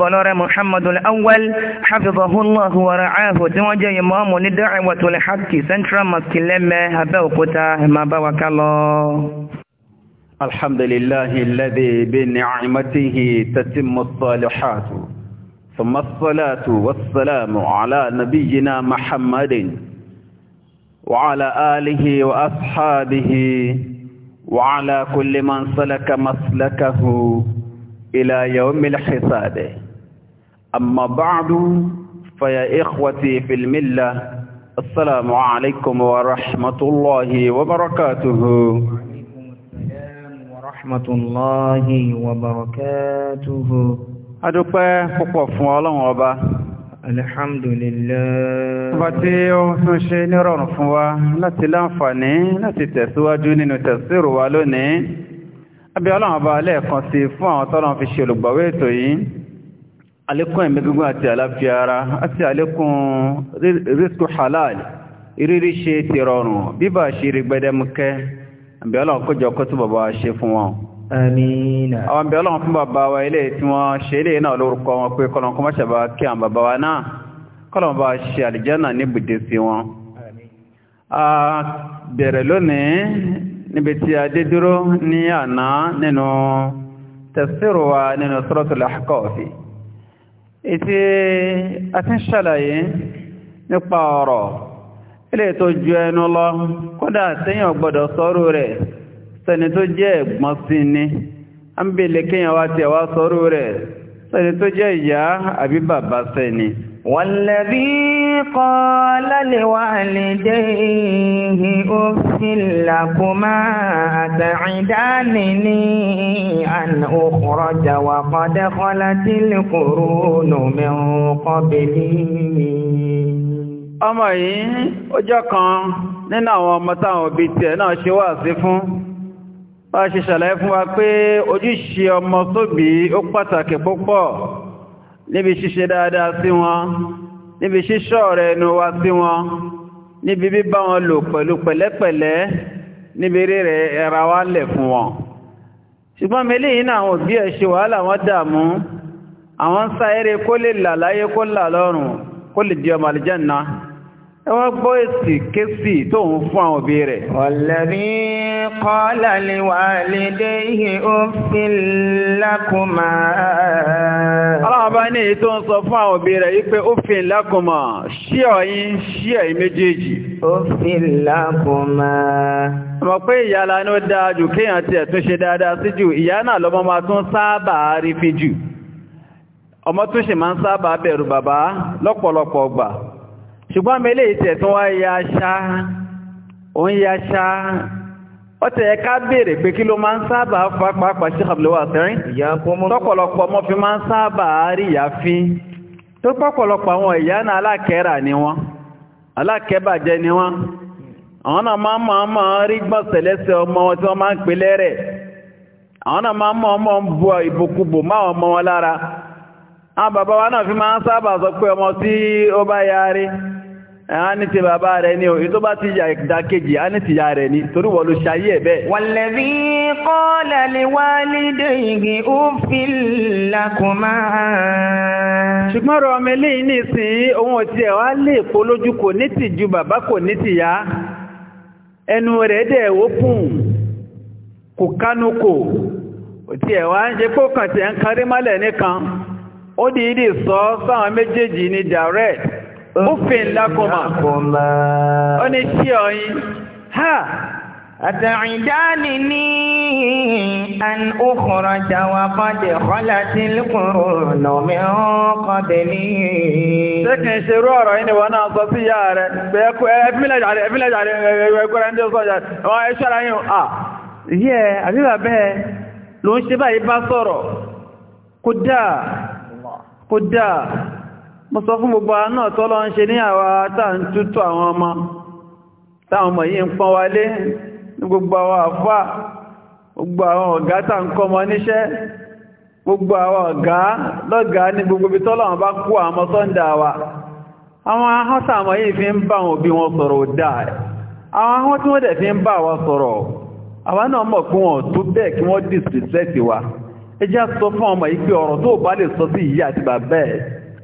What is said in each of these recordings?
بلاره محمد الأول حفظه الله ورعاه توجه إمام الدعوة لحق سنترا مسكلمة هبوكتا ما بوك الله الحمد لله الذي بنعمته تتم الصالحات ثم الصلاة والسلام على نبينا محمد وعلى آله وأصحابه وعلى كل من سلك مسلكه إلى يوم الحساب أما بعد فيا إخوتي في الملة السلام عليكم ورحمة الله وبركاته ورحمة الله وبركاته adúpẹ́ púpọ̀ fún ọlọ́run ọba alhamdulillah ọba tí ó tún ṣe nírọ̀rùn fún wa láti láǹfààní láti tẹ̀síwájú nínú tẹ̀síru wa lónìí abẹ́ ọlọ́run ọba lẹ́ẹ̀kan sí fún àwọn tọ́lọ́run fi ṣe olùgbàwé ètò yìí àlékún ẹ̀mí gígùn àti àlàáfíà ara àti àlékún rísíkù halal ìrírí ṣe ti rọrùn bíbà ṣe rí gbẹdẹmukẹ́ àbí ọlọ́run kójọ kó tó bàbá ṣe fún wọn àmìnà àwọn àbí ọlọ́run fún bàbá wa ilé tí wọ́n ṣe ilé náà lórúkọ wọn pé kọ́lọ́n kọ́ mọ́ṣẹ̀bá kí àwọn bàbá wa náà kọ́lọ́n bá ṣe àlìjánà ní bùdé sí wọn a bẹ̀rẹ̀ lónìí níbi tí a dé dúró ní àná nínú tafsir wa nínú suratul Ahqaf ètí àti ṣàlàyé nípa ọ̀rọ̀ ilé tó ju ẹnu lọ kódà tẹ́yàn gbọ́dọ̀ sọ́rọ̀ rẹ̀ sẹni tó jẹ́ ẹ̀gbọ́n sí ni a ń bèèrè kíyàn wá tẹ̀ wá sọ́rọ̀ rẹ̀ sẹni tó jẹ́ ìyá àbí bàbá sẹ́ni والذي قال لوالديه أف لكما أتعدانني أن أخرج وقد خلت القرون من قبلي ọmọ yìí ọjọ́ kan nínú àwọn ọmọ táwọn òbí tiẹ̀ náà ṣe wà sí fún bá ṣe ṣàlàyé fún wa pé ojúṣe ọmọ sóbí ó pàtàkì púpọ̀ níbi ṣíṣe dáadáa sí wọn níbi ṣíṣọ́ rẹ̀ ẹnu wa sí wọn níbi bíbá wọn lò pẹ̀lú pẹ̀lẹ́pẹ̀lẹ́ níbi rírẹ̀ ẹ̀ra wa lẹ̀ fún wọn ṣùgbọ́n mi léyìn náà àwọn òbí ẹ̀ ṣe wàhálà wọn dààmú àwọn ń sá eré kó lè là láyé kó là lọ́rùn kó lè di ọmọ àlìjánnà ẹ wọ́n gbọ́ èsì késì tóun fún àwọn òbí rẹ̀. ọ̀lẹ́rìí قال لوالديه أف لكما Aláàbá ní èyí tó ń sọ fún àwọn òbí rẹ̀ yí pé ó fi lákùnmà ṣí ọ̀yìn ṣí ẹ̀yìn méjèèjì. Ó fi lákùnmà. Mọ̀ pé ti ẹ̀tún ṣe dáadáa sí jù, ìyá náà lọ́mọ máa tún sáábà rí fi jù. Ọmọ tún ṣe máa ń sáábà bẹ̀rù bàbá lọ́pọ̀lọpọ̀ ọgbà. Ṣùgbọ́n mi eléyìí tẹ̀ tún wá ya ṣá, òun ya ṣá, ọtẹ yẹ ká béèrè pé kí ló máa ń sábà fa pàápàá sí àbúlẹ̀wà sẹ́rin tọ́pọ̀lọpọ̀ ọmọ fi máa ń sábà rí ìyàfin tó pọ̀pọ̀lọpọ̀ àwọn ìyá náà alákẹ́rà ni wọ́n alákẹ́bàjẹ́ ni wọ́n àwọn náà máa máa rí gbọ́nsẹ̀lẹ́sẹ̀ ọmọ wọn tí wọ́n máa ń pè lẹ́rẹ̀ àwọn náà máa máa ń bu ìbùkúbù máa ọmọ wọn lára àwọn bàbá wa náà fi máa ń sábà sọ pé ọmọ tí ó bá yarí a ní ti bàbá rẹ̀ ní òyí tó bá ti yà ìdákejì a ní ti ya rẹ̀ ní torí wọ́n ló ṣayé ẹ̀ bẹ́ẹ̀. wàlẹ́bí kọ́lá lè wá lédè ṣùgbọ́n rọ ọmọ eléyìí nísìnyí òun ò tiẹ̀ lè polójú kò ní ti ju bàbá kò ní ti yá ẹnu rẹ̀ dẹ̀ kò kánú kò tí ẹ̀wà ń ṣe pé ó kàn tí ẹ̀ ń karí direct ó fi ńlá kọmà ó ní tí ọ̀yìn ha àtàrídáni ní an òkúrọ̀ jàwà kọ́dẹ̀ kọ́lá tí lùkúrò lọ́mí ọkọ̀dẹ̀ ní ṣékìn ṣerú ọ̀rọ̀ yìí ni wọ́n náà sọ sí yáà rẹ̀ pẹ̀ẹ́kù ẹ̀fílẹ̀jàrẹ̀ ẹ̀fílẹ̀jàrẹ̀ ẹ̀gbẹ̀rẹ̀ ẹ̀ndẹ́ sọ́jà wọ́n ẹ̀ṣọ́ra yìí à yẹ́ àbíbà bẹ́ẹ̀ ló ń ṣe báyìí bá sọ̀rọ̀ kódà kódà mo sọ fún gbogbo náà tọ́lọ ń ṣe ní àwa táà ń àwọn ọmọ táwọn ọmọ yìí ń ní gbogbo àwọn àfá gbogbo àwọn ọ̀gá táà ń kọ́ ọmọ gbogbo àwọn ọ̀gá lọ́gá ní gbogbo bá kú àmọ́ sọ́ndà wa àwọn yìí fi ń bá wọn sọ̀rọ̀ àwọn ahọ́ tí wọ́n dẹ̀ fi ń bá sọ̀rọ̀ àwọn náà mọ̀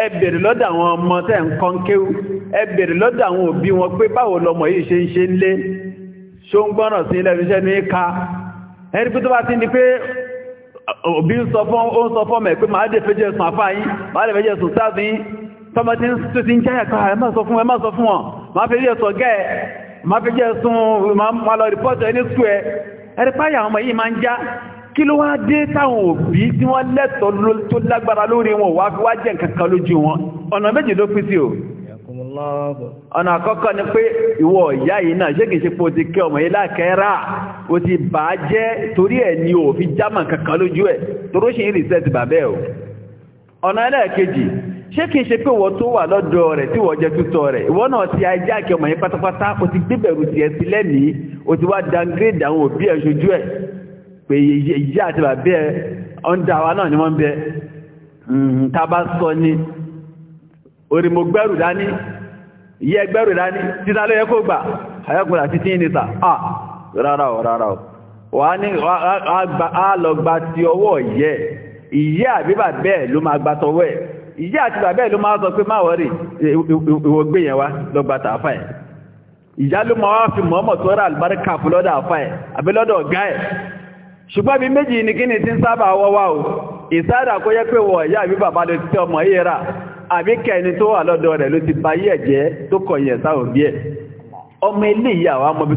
ẹ bèrè lọ́dọ̀ àwọn ọmọ tẹ́ ń kọ́ ń kéwú ẹ bèrè lọ́dọ̀ àwọn òbí wọn pé báwo lọmọ yìí ṣe ń ṣe ń lé ṣó ń gbọ́nà sí ilẹ̀ iṣẹ́ ní ká ẹni pé tó bá ti ní pé òbí ń sọ fọ́ mẹ́ pé máa dé fẹ́jẹ́ sùn àfá yín máa dé fẹ́jẹ́ sùn sáàbí tọ́mọ tí tó ti ń jáyà ká ẹ má sọ fún ẹ má sọ fún wọn máa kí ló wá dé táwọn òbí tí wọ́n lẹ́tọ̀ọ́ tó lágbára lórí wọn wá fi wá jẹ́ nǹkan kan lójú wọn ọ̀nà méjì ló pín sí o ọ̀nà àkọ́kọ́ ni pé ìwọ ìyá yìí náà ṣé kìí ṣe pé o ti kẹ́ ọmọ yìí lákẹ́rà o ti bà á jẹ́ torí ẹ̀ ni o fi jámà kankan lójú ẹ̀ toró ṣe ń rìsẹ́ẹ̀tì bàbẹ́ o ọ̀nà ẹlẹ́ẹ̀kejì ṣé kìí ṣe pé wọ́n tó wà lọ́dọ̀ rẹ̀ tí wọ́n jẹ́ tútọ́ rẹ̀ ìwọ náà ti ajá kí ọmọ yìí pátápátá o ti gbébẹ̀rù tiẹ̀ sílẹ̀ ní o ti wá downgrade àwọn òbí ẹ̀ ṣojú ẹ̀ pé ìyí àti ọ́ndà náà ni wọ́n bẹ tàbá sọ ní orí mo gbẹ́rù dání yẹ gbẹ́rù dání títà ló yẹ kó gbà ayọ́kùnrin àti tí nìta rárá o rárá o wà ní àlọ́gba ti ọwọ́ yẹ ìyẹ́ àbí bàbẹ́ ló máa gbà tọwọ́ ẹ̀ ìyẹ́ àti bàbẹ́ ló máa sọ pé máa wọ́rì yẹn wá lọ́gbà ẹ̀ ìyá ló máa wá fi tó rà fún lọ́dọ̀ àfà ṣùgbọ́n bí méjì ní kí ni tí ń sábà wọ́wá o ìsáàdà kó yẹ pé wọ̀ ìyá àbí bàbá ló ti tẹ́ ọmọ yìí rà àbí kẹni tó wà lọ́dọ̀ rẹ̀ ló ti bayí ẹ̀jẹ́ tó kọ̀yìn ẹ̀sá òbí ẹ̀ ọmọ ilé ìyá wa mọ̀ bí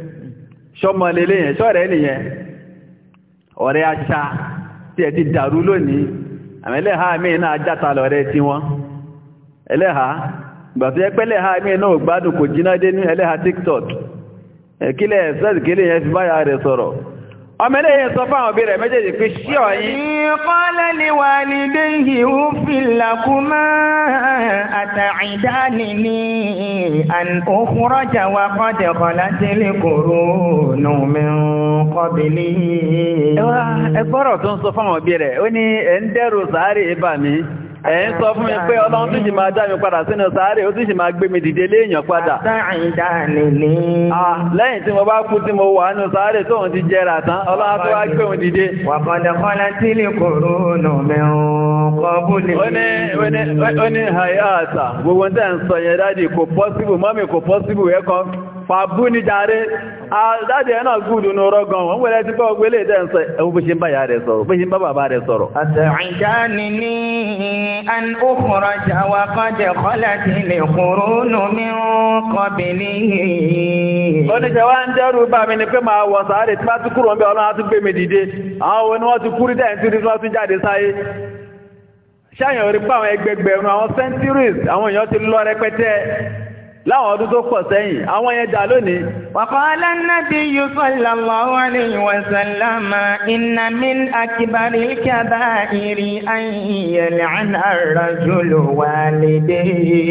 ṣọ́mọ lélẹ̀ yẹn ṣọ́rẹ̀ cha ọ̀rẹ́ eti tí ẹ ti dàrú lónìí àmì míì náà játa lọ̀rẹ́ tí wọ́n ẹlẹ́ha gbàtí ẹpẹ́ ẹlẹ́ha míì náà gbádùn kò ní ẹlẹ́ha tiktok ẹ̀kílẹ̀ ẹ̀sẹ́sì kílẹ̀ yẹn fi báyà rẹ̀ sọ̀rọ̀ ọmọ eléyìí sọ fún àwọn òbí rẹ̀ méjèèjì pé ṣí ọ̀yìn. ìkọ́lẹ̀ lè wà ní déhì ó fi làkúmọ́ àtàìdáni ní òkúrọ́jà wa kọ́dẹ̀ kọ́lá délé kòrò nùmẹ́rún kọ́bìlì. ẹgbọ́rọ̀ tó ń sọ fún òbí rẹ̀ ó ní ẹ̀ ń dẹ́rù sàárè ibà ẹ̀yìn sọ fún mi pé ọlọ́run tí ma máa dá mi padà sínú sáré ó tí ma máa gbé mi dìde léèyàn padà lẹ́yìn tí mo bá kú tí mo wà nínú sáré tóun ti jẹrà tán ọlọ́run tó wá gbé pàbú ní jàre àdáde ẹ̀nà gúdù ní ọ̀rọ̀ gan wọ́n wẹ́rẹ́ ti kọ́ gbélé ìdẹ́nsẹ̀ ẹwọ́ bó ṣe ń bá yà rẹ̀ sọ̀rọ̀ bó ṣe ń bá bàbá rẹ̀ sọ̀rọ̀ àtẹ̀rìnjáni an ókùnrọ̀ jàwà kọjẹ̀ ti lè kúrò nù ni orí ẹgbẹgbẹ̀rún àwọn centuries àwọn èèyàn ti lọ rẹpẹtẹ láwọn ọdún tó pọ̀ sẹ́yìn àwọn yẹn dà lónìí. wàkọ́lá nàbí sallallahu alayhi wa sallam inna min akbari kaba'iri an yal'ana ar-rajulu walidayhi.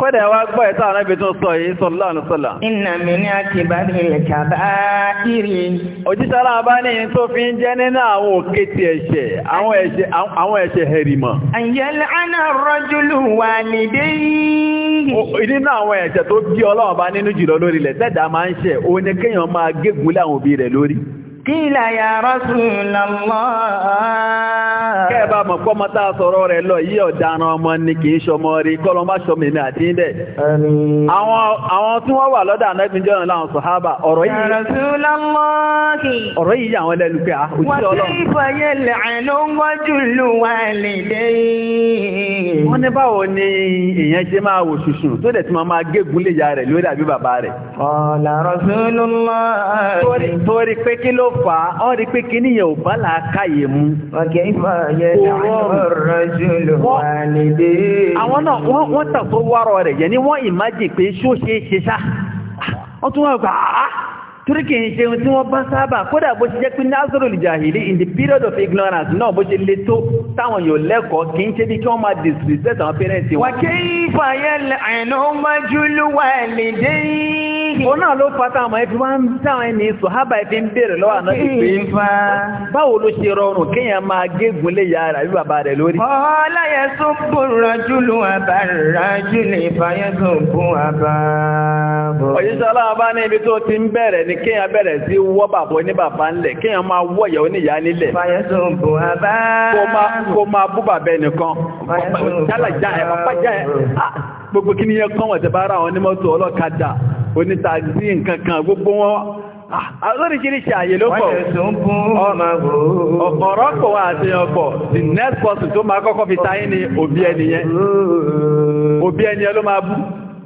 kódà wá gbọ́ ẹ̀ta ànábì tó sọ yìí sallallahu alayhi wa sallam. inna min akbari kaba'iri. òjíṣẹ́ aláàbá ní ìyẹn tó fi ń nínú àwọn ẹ̀ṣẹ̀ tó bí Ọlọ́run bá nínú jùlọ lórí ilẹ̀ tẹ́dà máa ń ṣẹ̀ òun ni kéèyàn máa gégùn lé àwọn òbí rẹ̀ lórí kílà ya Rasulullah. kẹ́ẹ̀bá mọ̀ pọ́mọ tá a sọ̀rọ̀ rẹ̀ lọ yí ọ̀daràn ọmọ ni kì ṣọmọ rí kọ́lọ́ ṣọmọ èmi àti ń dẹ̀. àwọn tí wọ́n wà lọ́dọ̀ anábìnjọ́ láwọn sọ̀hábà ọ̀rọ̀ yìí. Ah, Rasulullah. ọ̀rọ̀ àwọn ẹlẹ́nu pé fà á ọ́ rí pé kíní yẹn ò bá làákàyè mu. ọ̀kẹ́ ìfọ̀ yẹ àwọn náà wọ́n tàbí wárọ̀ rẹ̀ yẹn ni wọ́n ìmájì pé ṣó ṣe ṣe ṣá wọ́n tún wọ́n gbà á ah, ah, torí kìí ṣe ohun tí wọ́n bá sábà kódà bó ṣe jẹ́ pé nazarul jahili in the period of ignorance náà bó ṣe lè tó táwọn yóò lẹ́kọ̀ọ́ kìí ṣe bí kí wọ́n máa disrespect àwọn parents wọn. wàkẹ́ ìfàyẹ́ ẹ̀nà májúlú wà lédè òun náà ló fa táwọn ẹbí wọn ń táwọn ẹni sọ̀hábà ẹbí ń béèrè lọ́wọ́ àná ti pè é. báwo ló ṣe rọrùn kéèyàn máa gégùn lé yàrá bí bàbá rẹ̀ lórí. ọláyẹ kéèyàn bẹ̀rẹ̀ sí wọ́ bàbá ní bàbá ńlẹ̀ kéèyàn máa wọ́ ìyàwó ní nílẹ̀ kó máa bú bàbá ẹnìkan ah, gbogbo kí ni yẹ kán wọ̀n bá ra àwọn onímọ́tò ọlọ́kadà onítàzí nǹkan kan gbogbo wọn ah, lóríṣiríṣi àyè ló pọ̀ ọ̀rọ̀ pọ̀ wá àti ọ̀pọ̀ the next person tó máa kọ́kọ́ fi táyé ni òbí ẹniyẹn òbí ẹniyẹn ló máa bú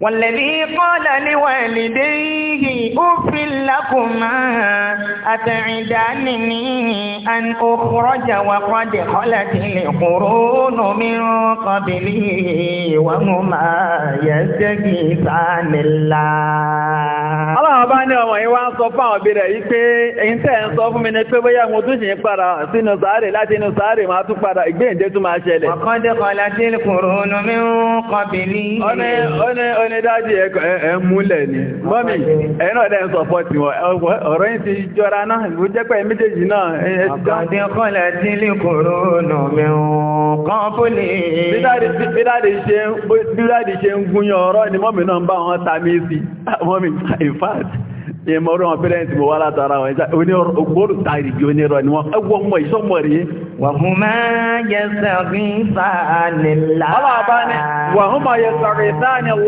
والذي قال لوالديه أف لكما أتعدانني أن أخرج وقد خلت القرون من قبلي وهما يستغيثان الله Ọlọ́run bá ní ọmọ yìí wá ń sọ fún àwọn rẹ̀ yìí pé ẹ̀yin tẹ́ ń sọ fún mi ní pé bóyá mo tún ṣe ń padà sínú sàárè láti inú sàárè máa tún padà ìgbéǹde tún máa ṣẹlẹ̀. Ọ̀kan dẹ́kọ̀ọ́ láti kòrónú mi ń kọ̀bìlì. Ó ní ní dájí ẹ múlẹ̀ ni mọ́mí ẹ̀nà ọ̀dẹ́ ń sọ̀pọ̀ tí wọ́n ọ̀rọ̀ yìí ti jọra náà ló jẹ́ pẹ̀ méjèèjì náà ẹ̀ tí lè ni ń bá wọn ta mí sí in fact ìmọ̀ orí wọn pẹ́lẹ́ ìtìmọ̀ wá látara wọn onígbòrò tààrí bí onírọ̀ ni wọ́n ẹgbọ́n mọ̀ ìṣọ́mọ̀ rí wàhún máa yẹ sàrí sáàni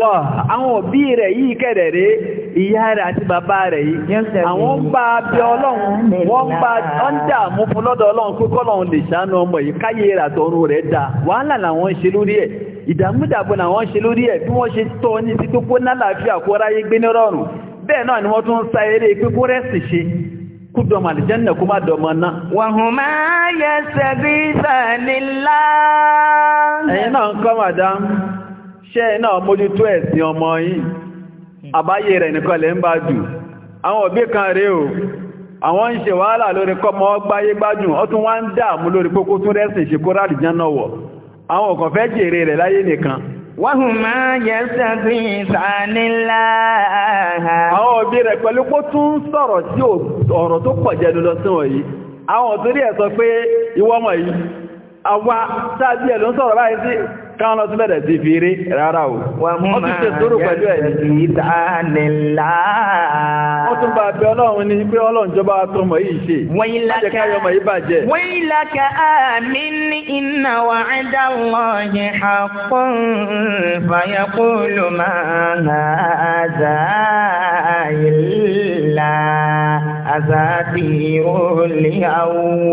lọ àwọn òbí rẹ̀ yìí kẹ́rẹ̀ rí ìyá rẹ̀ àti bàbá rẹ̀ yìí àwọn bá bí ọlọ́run wọ́n bá ọ́ndà mú fún lọ́dọ̀ ọlọ́run pé kọ́lọ̀un lè ṣàánú ọmọ yìí káyé rà tọrún rẹ̀ dá wàhálà làwọn ń ṣe lórí ẹ̀ ìdàmúdàbọ̀ làwọn ń ṣe lórí ẹ̀ bí wọ́n ṣe tọ́ ní títí kó nálàáfíà kó ráyé gbé ní rọrùn bẹ́ẹ̀ náà ni wọ́n tún ń sa eré pípó rẹ́sì ṣe kú dọmọ àlìjẹ́nà kó má dọmọ náà. wàhùn máa yẹ sẹ́bí sàlélá. ẹ̀yin náà ń kọ́ màdá ṣé ẹ̀ náà mójútó ẹ̀sìn ọmọ yìí àbáyé rẹ̀ nìkan lẹ́ ń bá jù àwọn òbí kan rèé o àwọn ń ṣe wàhálà lórí kọmọ ọgbáyé gbádùn ó tún wá ń dààmú lórí pókó tún rẹ́sìn ṣe kó rádìjánà wọ̀ àwọn jèrè rẹ̀ láyé nìkan wọ́hùnmá yẹ́sẹ̀ bí ìsànílá. àwọn òbí rẹ̀ pẹ̀lú pó tún sọ̀rọ̀ sí ọ̀rọ̀ tó pọ̀ jẹnu lọ sí wọ̀nyí àwọn òtúrí ẹ̀ sọ pé ìwọ́mọ̀ yìí àwa sáàbí ẹ̀ ló sọ̀rọ̀ báyìí káwọn ọdún bẹ̀rẹ̀ sí fi rí rárá o wọ́n tún ṣe sórò pẹ̀lú ẹ̀ ní ìdánilá wọ́n tún bá bẹ ọlọ́run ní pé ọlọ́run jọba tọmọ yìí ṣe wáyíláka àmì ní iná wà ẹ́dá lọ́yìn àpọ́n fàyẹ̀kúlù máa àzá ìlà àzá tí ó lè àwọn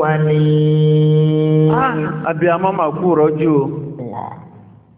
wà rọ́jú o.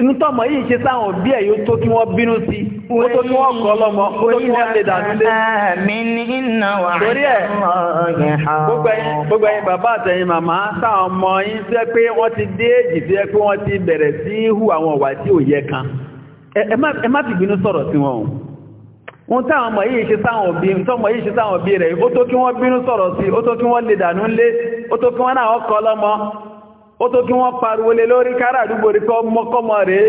inú tọ́mọ̀ yìí ṣe sáwọn òbí ẹ̀ tó kí wọ́n bínú sí ó tó kí wọ́n kọ́ lọ́mọ ó tó kí wọ́n lè dànù torí ẹ̀ gbogbo ẹ̀yin bàbá àtẹ̀yin màmá sáwọn ọmọ yín tó yẹ pé wọ́n ti dé èjì tó yẹ pé wọ́n ti bẹ̀rẹ̀ sí hu àwọn ọ̀wà tí ò yẹ kan ẹ má ti bínú sọ̀rọ̀ sí wọn o ohun táwọn ọmọ yìí ṣe sáwọn òbí tọmọ yìí ṣe sáwọn òbí rẹ̀ ó tó kí wọ́n bínú sọ̀rọ̀ sí ó tó kí wọ́n lè dànù lé ó tó kí wọ́n náà kọ́ lọ́mọ ó tó kí wọ́n pariwo lé lórí kára àdúgbò rí kọ́ mọ́kọ́mọ́ rèé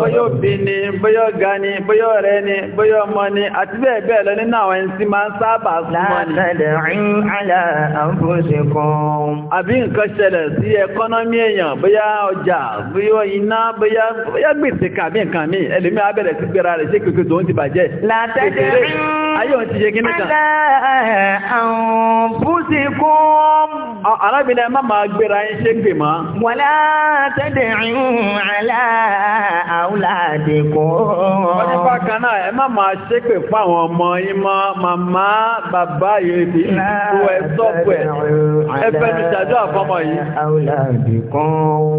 bóyá òbí ni bóyá ọ̀gá ni bóyá ọ̀rẹ́ ni bóyá ọmọ ni àti bẹ́ẹ̀ bẹ́ẹ̀ lọ nínú àwọn ẹni tí máa ń sábà súnmọ́ ni. látàlẹ̀ rín àlà àǹfóṣe kan. àbí nǹkan ṣẹlẹ̀ sí ẹkọ́nọ́mì èèyàn bóyá ọjà bóyá iná bóyá bóyá gbèsè kan àbí nǹkan míì ẹlòmíì á bẹ̀rẹ̀ gbéra rẹ̀ ṣé kòkè tó ń ti bàjẹ́. látàlẹ̀ rín àlà àǹfóṣe kan. ẹ má àdìkú. wọ́n ní bákan náà ẹ má máa ṣépè fún àwọn ọmọ yín mọ́ màmá bàbá yìí bí ìlú ẹ sọ́pù ẹ̀ ẹ fẹ́ nu ṣàjọ́ àfọmọ yìí.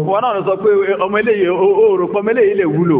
wọ́n náà sọ pé ọmọ eléyìí ó rò pé eléyìí lè wúlò.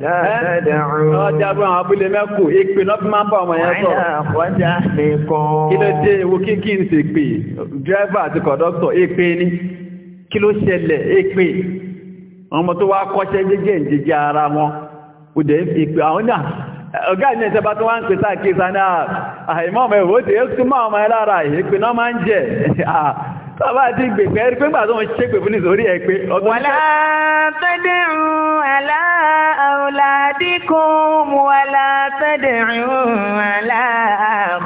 Ọjàbọ̀ àwọn abúlé mẹ́kù, ìpè náà fi máa ń bá ọmọ yẹn sọ. Ọjà nìkan. Kí ló dé ewu kí kí n sì pè? Dírẹ́fà àti kọ̀dọ́tọ̀ èpè ni. Kí ló ṣẹlẹ̀ èpè? Ọmọ tó wá kọ́ṣẹ́ jẹ́jẹ́ ìjẹjẹ́ ara wọn. Òdè ń fi ìpè àwọn náà. Ọ̀gá ìní ti gbèfẹ́ rí pé gbà tó ń ṣépè fún nítorí ẹ̀ pé ọdún ṣe. wọ́n lá tẹ́lẹ̀ ń alá أولادكم ولا تدعوا على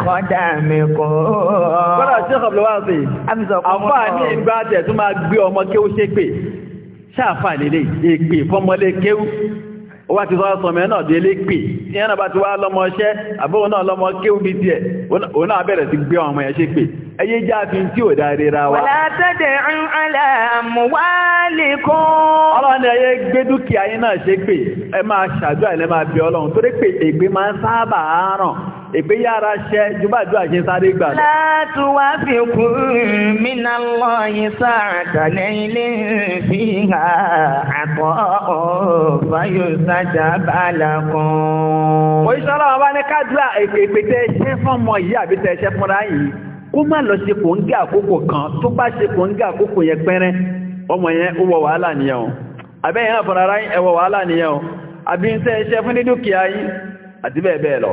خدمكم. ولا Ṣéèkì Abdulwaasi, àfà ní ìgbà tẹ̀ tó máa gbé ọmọ kéwú ṣe pé, ṣáàfà lélẹ̀, èpè fọmọlé kéwú. Ó wá ti sọ ọsọmọ tí ẹ̀nà bá ti wá lọ́mọ ṣẹ́, àbóhùn náà lọ́mọ kéwú bí tiẹ̀, òun náà bẹ̀rẹ̀ sí gbé ọmọ yẹn ṣe pé, ẹyé jáfin tí ò dáre ra wa kún. ọlọ́run ẹ̀yẹ gbé dúkìá yín náà ṣe pé ẹ máa ṣàdúrà ilẹ̀ máa bí ọlọ́run torí pé ègbé máa ń sábà ràn ègbé yára ṣẹ́ jùbàdúrà ṣe sáré gbà lọ. láti wá fi kú mínà lọ yín sáàtà lẹ́yìn lè fi hà àpọ̀ fayọ sájà bá ní kádùrà ọmọ yẹn ó wọ wàhálà nìyẹn àbẹ́yìn náà fọ́nara ẹwọ wàhálà nìyẹn àbí ń sẹ́ iṣẹ́ fún ní yìí àti bẹ́ẹ̀ bẹ́ẹ̀ lọ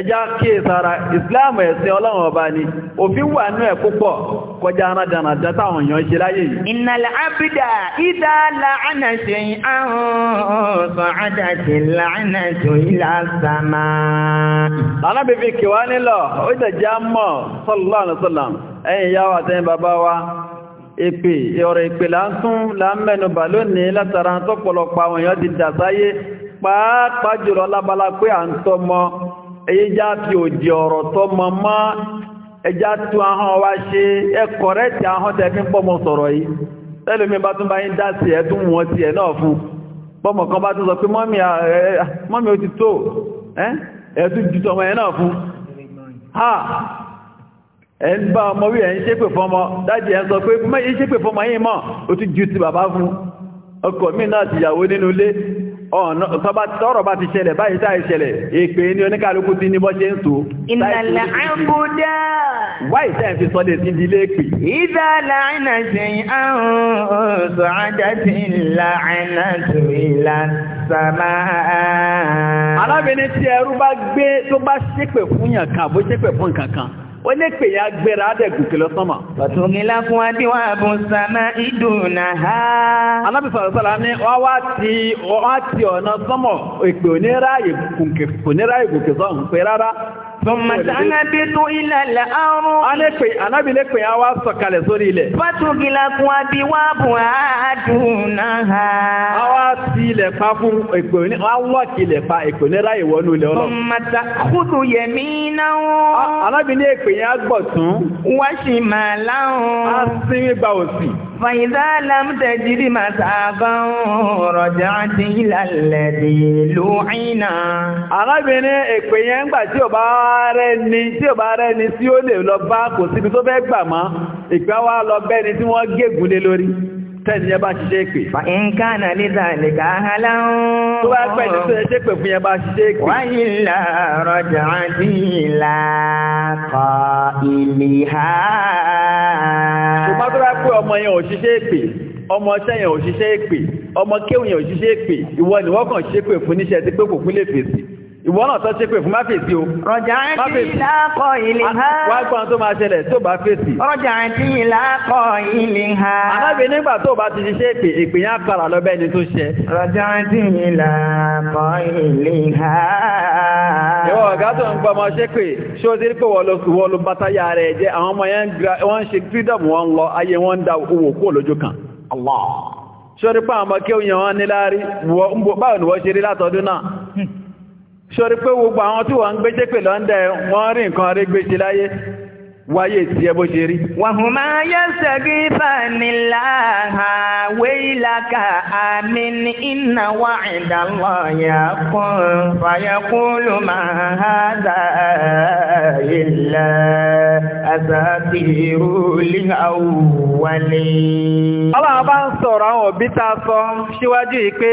ẹjá kíè sára ìsìláàmù ẹ̀sìn ọlọ́run ọba ni òfin wà nú ẹ̀ púpọ̀ kọjá sallallahu alaihi wasallam ẹ̀yìn yáwà tẹ́yìn èpè ọ̀rọ̀ èpè láńtún láńmẹ́nubà lónìí látara tó pọ̀lọpọ̀ àwọn èèyàn ti dàsáyé pàápàá jùlọ lábala pé à ń tọmọ ẹyíjá fi òdì ọ̀rọ̀ tọmọ mọ́ ẹjá tún ahọ́n wa ṣe ẹkọ̀ rẹ̀ tí ahọ́n tẹ́ fi ń pọ́mọ sọ̀rọ̀ yìí tẹ́lómi bá tún bá yín dá sí ẹ̀tún wọn ti ẹ̀ náà fún pọ́mọ kan bá tún sọ pé mọ́mí ó ti tó ẹ ń bá ọmọ wí ẹ̀ ń ṣépè fọmọ dájì ẹ sọ pé mẹ́yìn ṣépè fọmọ yìí mọ̀ ó ti ju ti bàbá fún ọkọ mi náà ti yàwó nínú ilé tọ́rọ̀ bá ti ṣẹlẹ̀ báyìí táì ṣẹlẹ̀ èpè ní oníkàlùkù ti ní bọ́ ṣe ń tó ìlàlà àbúdá wáyìí tẹ́ fi sọ́lẹ̀ sí ilé pè ìdàlà àìnàṣẹ́yìn àrùn sọ́ájá ti ìlà ó lè pè ya gbẹ̀rẹ̀ àdẹ̀gùnkè lọ sánmà. Bàtúngìlá fún Adéwà bó sánmà ìdùnnà ha. Anábì sọ̀rọ̀ sọ̀rọ̀ ní wọ́n wá ti ọ̀nà sánmà ìpè oníráyè gòkè sọ́hùn pé rárá. Sọmọ sáná bí tó ilẹ̀ lẹ̀ ọrùn. A lè pè Anábì lè pè àwa sọ̀kalẹ̀ sórí ilẹ̀. Bọ́tù gilakun àbí wá bù àádùn náà ha. Àwa ti ilẹ̀ pa fún èpè ní àwọn ilẹ̀ pa èpè ní ráyè wọnú ilẹ̀ ọlọ́run. Sọmọ sá kúrò yẹ̀mí náà. Anábì فإذا لم تجد مساقا رجعت إلى الذي لوحنا. arábìnrin èpè yẹn ń gbà tí ò bá rẹ ni tí ò bá rẹ ni tí ó lè lọ bá kò síbi tó fẹ́ gbà mọ́ ìgbà wa lọ bẹ́ni tí wọ́n gégùn lé lórí tẹ́ni yẹn bá ṣiṣẹ́ pè. nǹkan náà lídà lè ká hálà ń. tó bá pẹ́ ní sọ́yẹ́ ṣépè fún yẹn bá ṣiṣẹ́ pè. wáyé la rọjà àti ìlà kọ ìlì ha. ṣùgbọ́n tó bá pẹ́ ọmọ yẹn ò ṣiṣẹ́ pè ọmọ sẹ́yìn ò ṣiṣẹ́ pè ọmọ kéwìn ò ṣiṣẹ́ pè ìwọ ni wọ́n kàn ṣiṣẹ́ pè fún níṣẹ́ tí pé kò kún fèsì. ìwọ náà tọ́ ṣépè fún má fèsì o. rọjà àti ìlàkọ ilé ha. wá gbọ́n tó máa ṣẹlẹ̀ tó bá fèsì. rọjà ilé ha. àlábì nígbà tó bá ti ṣiṣẹ́ èpè èpè yẹn lọ́bẹ̀ tó ṣẹ. rọjà ha. ìwọ ọ̀gá tó ń gbọ́ ọmọ wọ́n lo rẹ̀ jẹ́ àwọn ọmọ yẹn wọ́n ṣe freedom wọn lọ ayé wọn da owó kan. ṣọ́rí pé gbogbo àwọn tí wọ́n ń gbé jẹ́ pè lọ́ndẹ̀ wọ́n rí nǹkan rí gbé ṣe láyé wáyé tí ẹ bó ṣe rí. wàhùnmá yóò ṣẹ́gi fanilá àwé àmì ní iná wà ìdánwò yàkùn fàyàkùlù máa ilẹ̀ àtàkì ìrúlé àwùwálé. ọlọ́run bá ń sọ̀rọ̀ àwọn òbí ta sọ síwájú yìí pé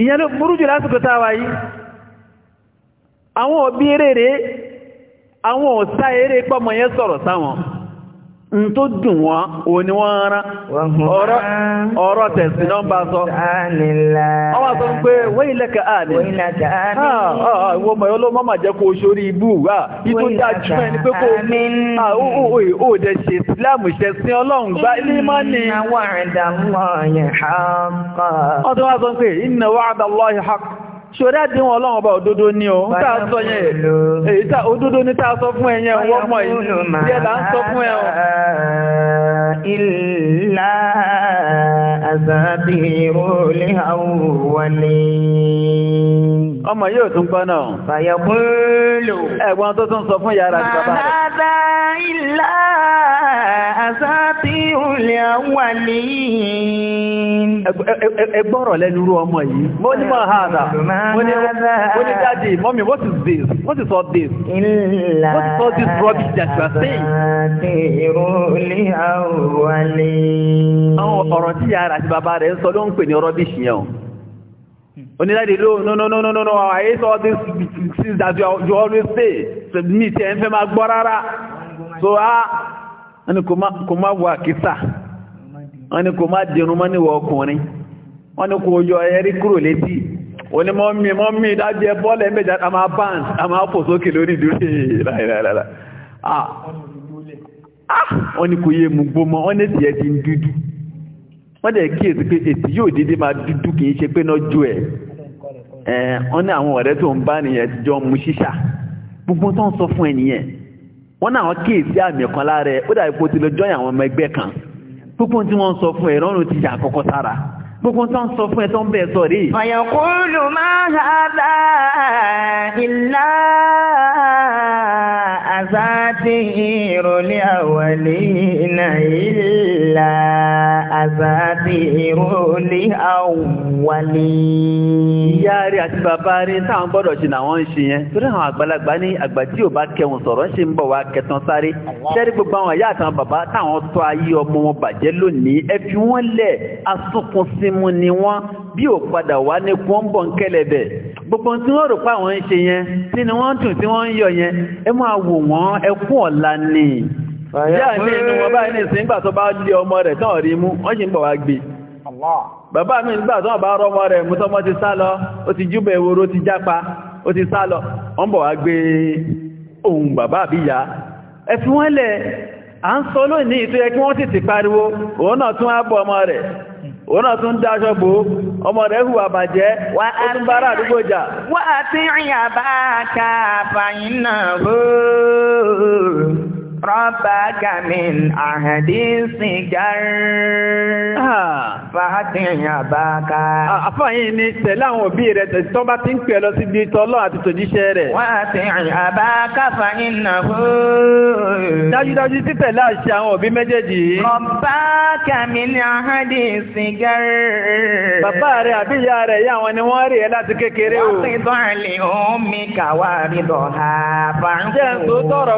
ìyẹn ló burú jù lásìkò táwà yìí àwọn òbí eré rẹ̀ àwọn ọ̀sá eré pọ́mọ yẹn sọ̀rọ̀ sáwọn n tó dùn wọn òun ni wọ́n rán ọ̀rọ̀ tẹ̀sí náà bá sọ ọwọ́ sọ pé wẹ́yìn lẹ́kẹ̀ àní ah, ah, ah, ìwọ mọ̀ yọ́lọ́ mọ́mà jẹ́ kó ṣorí ibú wà ìtò dájú ẹ̀ ní pé kó ó dẹ̀ ṣe ìsìláàmù ṣe sí ọlọ́run gbá ilé máa ní wọ́n wá sọ pé inna wa'dallahi haqq ṣòdá dín wọn ọlọ́run ọba òdodo ní o ń tàà sọ yẹn èyí tàà òdodo ní tàà sọ fún ẹ̀yẹn wọ́n mọ̀ yìí díẹ̀ là ń sọ fún ẹ̀ o. ìlà àzàbìrò lè hàn wọlé. ọmọ yóò tún gbọ́ náà. bàyà bọ́ọ̀lù. ẹ̀gbọ́n tó tún sọ fún yàrá àti rẹ̀. bàbá ìlà asatiul awwalin ẹgbọ́rọ̀ lẹ́nu rú ọmọ yìí mo ní máa hàdà mo ní dáadé mọ́mí what is this what is all this what is all this rubbish that you saying àwọn ọ̀rọ̀ tí yàrá àti bàbá rẹ̀ ń sọ ló ń pè ní rubbish yẹn onídàdé ló no no no no no no I hate all this. things that you you always say to me tí ẹ fẹ́ máa gbọ́ rárá so ah wọ́n ní kò má wọ àkísà wọ́n ní kò má dìrún mọ́ níwọ̀ ọkùnrin wọ́n ní kò yọ ẹrí kúrò létí wọ́n ní mọ́mí mọ́mí dájú ẹ bọ́ọ̀lù ẹ̀mẹ́jà a máa báǹs a máa fò sókè lórí ìdúró ìrìnrìnrìnrìn wọ́n ní kò yé mú gbó mọ́ wọ́n ní tiẹ̀ ti ń dúdú wọ́n dẹ̀ kíyèsí pé ètì yóò dédé máa dúdú kì í ṣe pé náà jó ẹ̀ wọ́n ní àwọn ọ̀rẹ́ tó ń bá nìyẹn jọ mú ṣíṣà gbogbo tó ń sọ fún ẹ nìyẹn wọ́n náà kíyèsí àmì kan lára ẹ̀ ó dàbí kó ti lọ jọ́yìn àwọn ọmọ ẹgbẹ́ kan púpọ̀ tí wọ́n sọ fún ẹ̀ rọrùn ti yà kọ́kọ́ sára gbogbo tó ń sọ fún ẹ ń bẹ̀ sọ rí. ọ̀yọ̀kúlù máa ń hábà ìlà àzáàtì ìrọ̀lẹ́ àwọ̀lẹ́ ìnà ìlà. àzàbìrúlé àwọ̀wálé. Ìyá rẹ̀ àti bàbá rẹ̀ táwọn gbọ́dọ̀ ṣe làwọn ń ṣe yẹn. Torí àwọn àgbàlagbà ní àgbà tí ò bá kẹun sọ̀rọ̀ ṣe ń bọ̀ wá kẹtàn sáré. gbogbo àwọn ìyá bàbá táwọn tọ́ ayé ọmọ wọn bàjẹ́ lónìí. Ẹ fi wọ́n lẹ̀ ni wọ́n bí ò padà wá ní Gbogbo tí wọ́n rò pé àwọn ń ṣe yẹn, tí ni wọ́n yọ yẹn, ẹ máa wò wọ́n ọ̀la Díà ní inú wọn báyìí ní ìsìn bá lé ọmọ rẹ̀ tán rí mú, wọ́n sì ń bọ̀ wá gbé. Bàbá mi nígbà tó bá rọmọ rẹ̀ mú ti sá lọ, ó ti jú eworo, ó ti jápa, ó ti sá lọ, wọ́n gbé ohun bàbá àbí wọ́n lẹ̀, à ń sọ lónìí tó yẹ kí wọ́n sì ti pariwo, òun náà tún ربك من أحد سجر fàátì àbáka. àfààyàn ni tẹ̀lé àwọn òbí rẹ̀ tó bá ti ń pè lọ sí ibi tọ́lọ́ àti tòjíṣẹ́ rẹ̀. wọ́n á ti àbáka fàáyìn náà hó. dájúdájú títẹ̀lé àṣẹ àwọn òbí méjèèjì. ọba kàmí ni àhádì sìgárì. bàbá rẹ̀ àbí ìyá rẹ̀ yá àwọn ni wọ́n rí ẹ láti kékeré o. wọ́n ti tọ́ àlè omi kàwá rí lọ́ha. jẹ́ ń tó tọrọ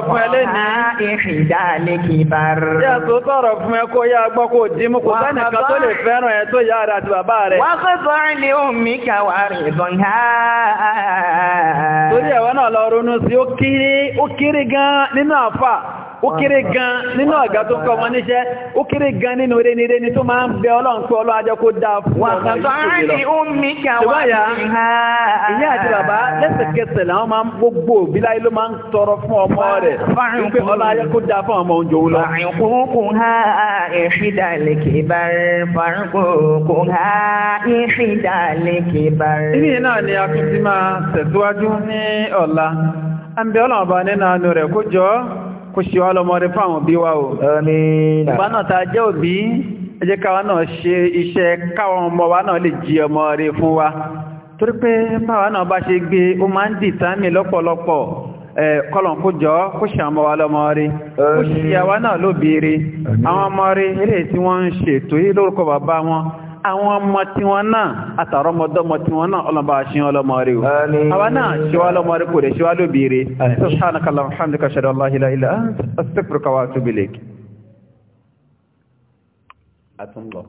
rìjáàlì kìbàr. Yá tó sọ̀rọ̀ fún ẹ yá gbọ́ kó dímú kò sẹ́nì tó lè fẹ́ràn ẹ tó yá rẹ̀ àti bàbá rẹ̀. Wọ́n kó sọ ní omi kàwá rìbọn ha. Torí ẹ̀wọ́n náà lọ ronú sí ó kéré gan nínú àfà ó kéré gan nínú ọ̀gá tó kọ́ ọmọ níṣẹ́ ó kéré gan nínú reni reni tó máa ń bẹ ọlọ́run pé ọlọ́run ajẹ́ kó dáa fún ọmọ ìṣòro ìyá àti bàbá lẹ́sẹ̀kẹsẹ̀ làwọn máa ń gbogbo òbí láyé ló máa ń tọrọ fún ọmọ rẹ̀ wípé ọlá ayé kó dáa fún ọmọ oúnjẹ òun lọ. fàrùnkùnkùn ha ìṣídàlẹ̀ kìbàrì fàrùnkùnkùn ha ìṣídàlẹ̀ kìbàrì. ìní náà ni a tún ti máa tẹ̀síwájú ní ọ̀la à ń bẹ ọlọ́run ọba nínú àánú rẹ̀ kó jọ kó ṣe wá lọ́mọdé fún àwọn òbí wa o. bàbá náà ta jẹ́ òbí ẹ jẹ́ káwa náà ṣe iṣẹ́ káwọn ọmọ wa náà lè jí ọmọ rẹ̀ fún wa torí pé báwa náà bá ṣe gbé ó máa ń dìtàmì lọ́pọ̀lọpọ̀ kọlọ̀n kó jọ kó ṣe àwọn wa lọ́mọ rí kó ṣe àwa náà ló béèrè àwọn ọmọ rí eré tí wọ́n ń ṣètò yìí lórúkọ bàbá wọn àwọn ọmọ tí wọn náà àtàrọ ọmọdọ́mọ tí wọn náà ọlọ́mọ àṣẹ ọlọ́mọ rí o àwa náà ṣe wá lọ́mọ rí kò lè ṣe wá ló béèrè subhanakallahumma wa hamdika ashhadu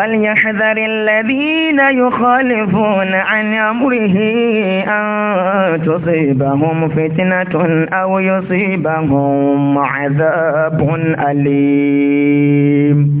فليحذر الذين يخالفون عن أمره أن تصيبهم فتنة أو يصيبهم عذاب أليم